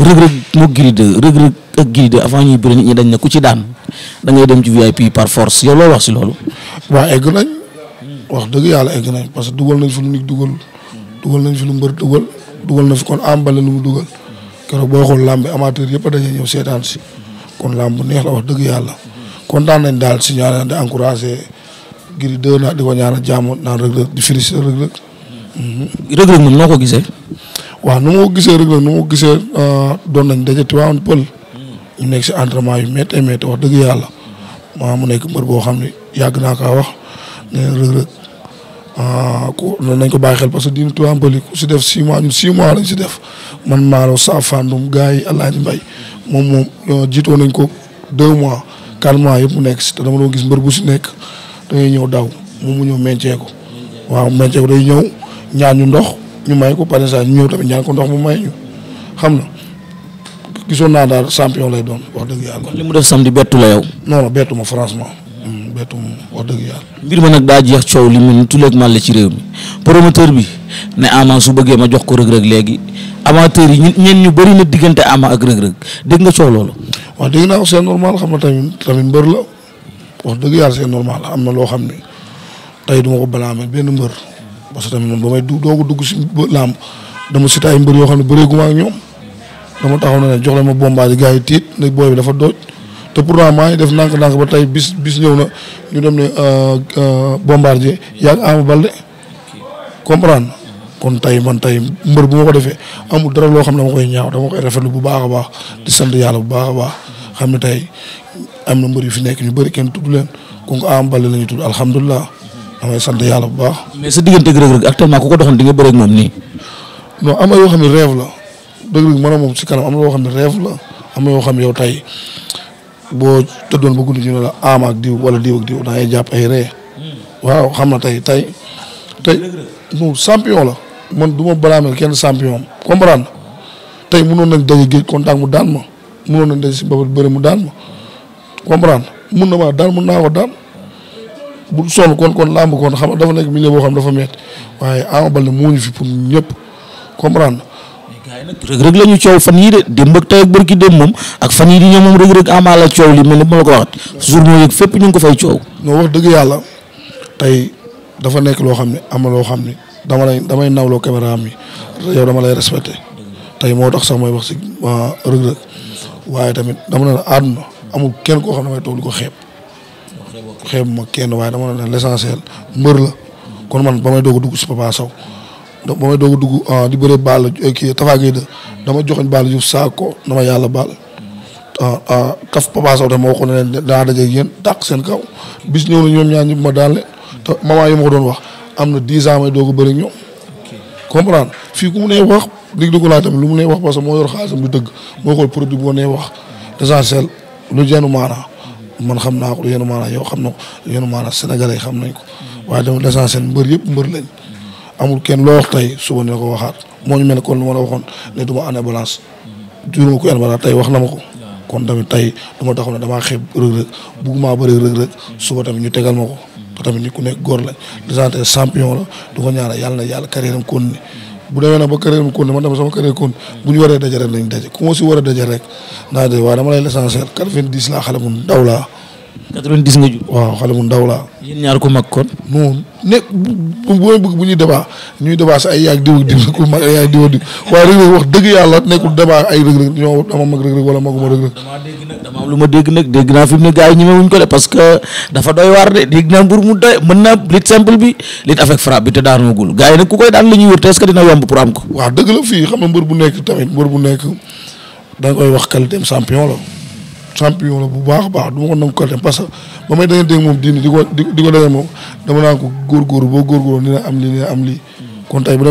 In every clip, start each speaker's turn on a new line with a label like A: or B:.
A: rëg-rëg moo Gris 2 rëg-rëg ak Gris avant ñuy bëri nit ñi ku ci daan da ngay dem ci VIP par force yow loolu wax si loolu. waaw egg nañ wax dëgg yàlla egg nañ parce que
B: dugal nañ fi lu nit dugal dugal nañ fi lu mbër dugal dugal na fi kon ambale lu mu dugal keroog boo xool làmb amateur yëpp dañuy ñëw seetaan si kon làmb neex la wax dëgg yàlla kontaan nañ daal si ñaanal di encouragé Gris 2 naa di ko ñaanal jàmm naan rëg-rëg di félicité rëg-rëg. rëg-rëg moom noo ko gisee. waaw nu ma gisee rek la nu ma ko gisee euh, doon nañ daje Tivaouane Pël. ñu nekk si entraînement yu méttee méttee wax dëgg yàlla. maa mu nekk mbër boo xam ne yàgg naa kaa wax nee na Reug Reug euh, ku nañ ko bàyyi xel parce que diiru Tivaouane Pël yi ku si def six mois six mois lañ si def man Maalo Sa Fandum gars yi Alaaji Mbay moom moom euh, jiitoo nañ ko deux mois quatre yëpp mu nekk si te dama doo gis mbër bu si nekk da ñëw daw moom mu ñëw meñcee ko waaw meñcee ko ñu ndox ñu may ko par exemple ñu ñëw tamit ñaan ko ndox mu may ñu xam na gisoon naa daal champion lay doon wax dëgg
A: yàlla. kon li mu def samedi la yow.
B: non non ma franchement. Mm, bettu ma dëgg yàlla.
A: mbir ma nag daa jeex coow li mu tuleeg man la ci réew mi promoteur bi ne Ama su bëggee ma jox ko rëg-rëg léegi amateurs yi ñen ñu bari na diggante Ama ak rëg-rëg dégg nga coow loolu. waaw dëgg naa ko c'est normal xam na tamit tamit mbër la
B: wax dëgg yàlla c'est normal am na loo xam ne tey duma ma ko blâmer benn mbër. parce que tamit man ba may doog a dugg si làmb dama cité ay mbër yoo xam ne bëreeguma ak ñoom dama taxaw ne jox leen ma bombaay gars yi tiit ne booy bi dafa dooj te pourtant maa ngi def ndànk-ndànk ba tey bis bis ñëw na ñu dem ne euh, euh, bombardier yaag Ama Baldé comprendre kon tey man tey mbër bu ma ko defee amul dara loo xam ne dama koy ñaaw dama koy rafetlu bu baax a baax di sant yàlla bu baax a baax xam ne tey am na mbër yu fi nekk ñu bëri kenn tudd leen kon Ama Baldé la ñuy tudd alhamdulilah damay sant yàlla bu baax.
A: mais sa diggante Reug Reug
B: am yoo xam ne rêve la Reug si kanam am na xam ne rêve la am na xam ne yow tey boo tëddoon ba guddi ñu ne la aam ak diw wala diw ak diw da ngay jàpp ayre hmm. waaw xam na tey tey tey moom champion la. man du ma balaameel kenn champion am comprendre tey mënoon nañ daje géej contact mu daan ma mënoon nañ daje si boobu mu daan ma comprendre mun na maa daan mun naa ko bu sonn kon kon làmb kon xam dafa nekk milieu boo xam dafa métti waaye Ama Baldé moo ñu fi pour ñëpp comprendre. waaye nag Reug Reug la ñu coow fan yii de démb ak tey ak bërki démb moom ak fan yii di ñëw moom Reug Reug amaa la coow li mel ni ma la ko waxat journaux fépp ñu ngi ko fay coow. non wax dëgg tey dafa nekk loo xam ne am loo xam ne dama lay damay nawloo caméra am yi yow lay respecté tey moo tax sax may wax si waa Reug waaye tamit dama ne la àdduna amul kenn koo xam ne damay toog di ko xeeb. xeeb ma kenn waaye dama ne l'essentiel mbër la kon man ba may doog a dugg si Papa Sow ba may doog a dugg ah, di baal Balla eh, kii Tafa Gueye de dama joxoñ Balla Diouf saako dama yàlla baal ah, ah, kaf Papa Sow tam ma waxoon ne leen daa daje yéen dàq seen kaw bis ñëw na ñoom ñaar ma daan leen te maman doon wax am na dix ans may doog a fii ku mu nee wax dig dugg lu mu nee wax parce que moo yor xaalisam du dëgg moo xool produit boo nee wax l'essentiel lu jenn maanaa man xam naa ko yenu maanaam yow xam na ko yenu maanaam sénégalais yi xam nañ ko waaye dama l'essentiel mbër yëpp mbër lañ amul kenn loo wax tey suba ne ko waxaat moo ñu mel ne kon lu ma la waxoon ne du ma ane balance juróma ko en balance tey wax na ma ko kon tamit tey du ma taxaw ne damaa xeeb rëg-rëg bugguma bëri rëg-rëg suba tamit ñu tegal ma ko te tamit nit ku nekk góor la l'essentiel champion la du ko ñaanal yàlla na yàlla carrière am kon ni bu demee nag ba carrière mu continué man dama sama carrière continué bu ñu waree daje rek lañ daje ku ma si war a daje rek naa de waaye dama lay l'essentiel quatre vingt laa xale bu ndaw 90 nga jur. waaw xale mu ndaw laa.
A: yéen ñaar ku mag kon. non
B: ne bu bu bëgg bu ñuy débat ñuy débat si ay yaag diw ak diw ku mag ay yaag diw ak diw waaye Reug Reug wax dëgg yàlla nekkul débat ay Reug Reug ñoo dama mag Reug Reug wala maguma Reug Reug.
A: dama lu ma dégg nag dégg naa fi mu ne gars yi ñemewuñ ko de parce que dafa doy waar de dégg naa mbur mu doy mën na lit simple bi lit avec frappe bi te daanoogul gars yi nag ku koy daan la wër te est-ce que dina yomb pour am ko. waaw dëgg la fii nekk tamit mbër bu nekk
B: da nga koy wax qualité champion la champion la bu baax a baax du ma ko nangu ko parce que ba may dangeen dégg moom diine di ko di ko dangeen moom dama naan ko góorgóorlu boo góorgóorlu dina am lii am lii kon tey bu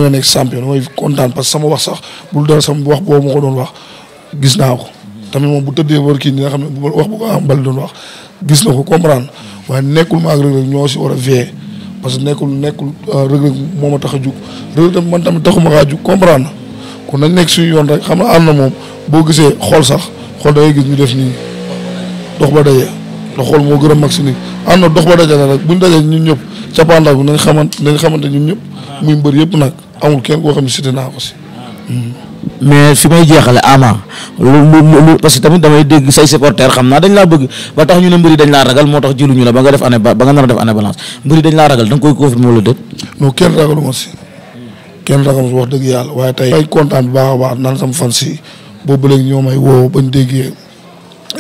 B: kontaan parce que sama wax sax bul dara sama ma ko doon wax gis naa ko tamit moom bu tëddee war kii ni nga xam ne wax bu am bal doon wax gis na ko comprendre waaye nekkul ma ak Reug si war a parce que nekkul nekkul euh, Reug ma tax a jug Reug Reug man tamit taxuma kaa jug comprendre kon nañ nekk suñu yoon rek xam nga ànd na moom boo gisee xool sax xool da ngay gis ñu def nii dox ba daje ndax xool moo gërëm a mag si nii ànd na dox ba daje la rek buñ dajee ñun ñëpp cappaandaw bi nañ xamante nañ xamante ñun ñëpp muy mbër yëpp nag amul kenn koo xam ne naa ko si
A: mais fi may jeexale ama lu lu parce que tamit damay dégg say supporters xam naa dañ laa bëgg ba tax ñu ne mbëri dañ laa ragal moo tax jëluñu la ba nga def année ba a def balance mbëri dañ laa ragal da koy confirmer
B: kenn ragal wax dëgg yàlla waaye tey ay kontaan bu baax a baax naan sama fan si boo léegi ñoo may woo bañ déggee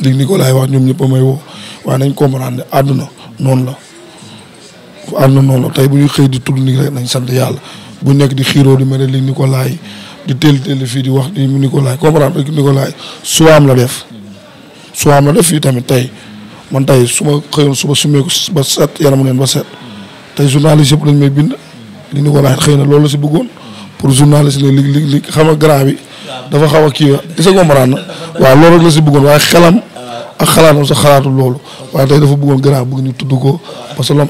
B: li Nicolas wax ñoom ñëpp may woo waaye nañ comprendre ne àdduna noonu la àdduna noonu la tey bu ñuy xëy di tudd ni rek nañ sant yàlla bu nekk di xiiroo di mel ne li Nicolas di teel teel fii di wax di Nicolas comprendre rek Nicolas su am la def su am la def fii tamit tey man tey su ma xëyoon suba sumeeku ba set yaramu neen ba set tey journaliste yëpp dañ may bind li Nicolas xëy na loolu la si bëggoon pour journaliste la li li li xam a grand bi dafa xaw a kii isa comprendre na waaw loolu rek la si bëggoon waaye xelam ak na sa xalaatul loolu waaye tey dafa bëggoon grand bëgg ñu tudd ko parce que loom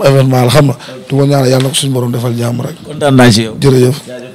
B: xam na du ko ñaanal yàlla na ko suñu borom defal jàmm rek
A: kontaan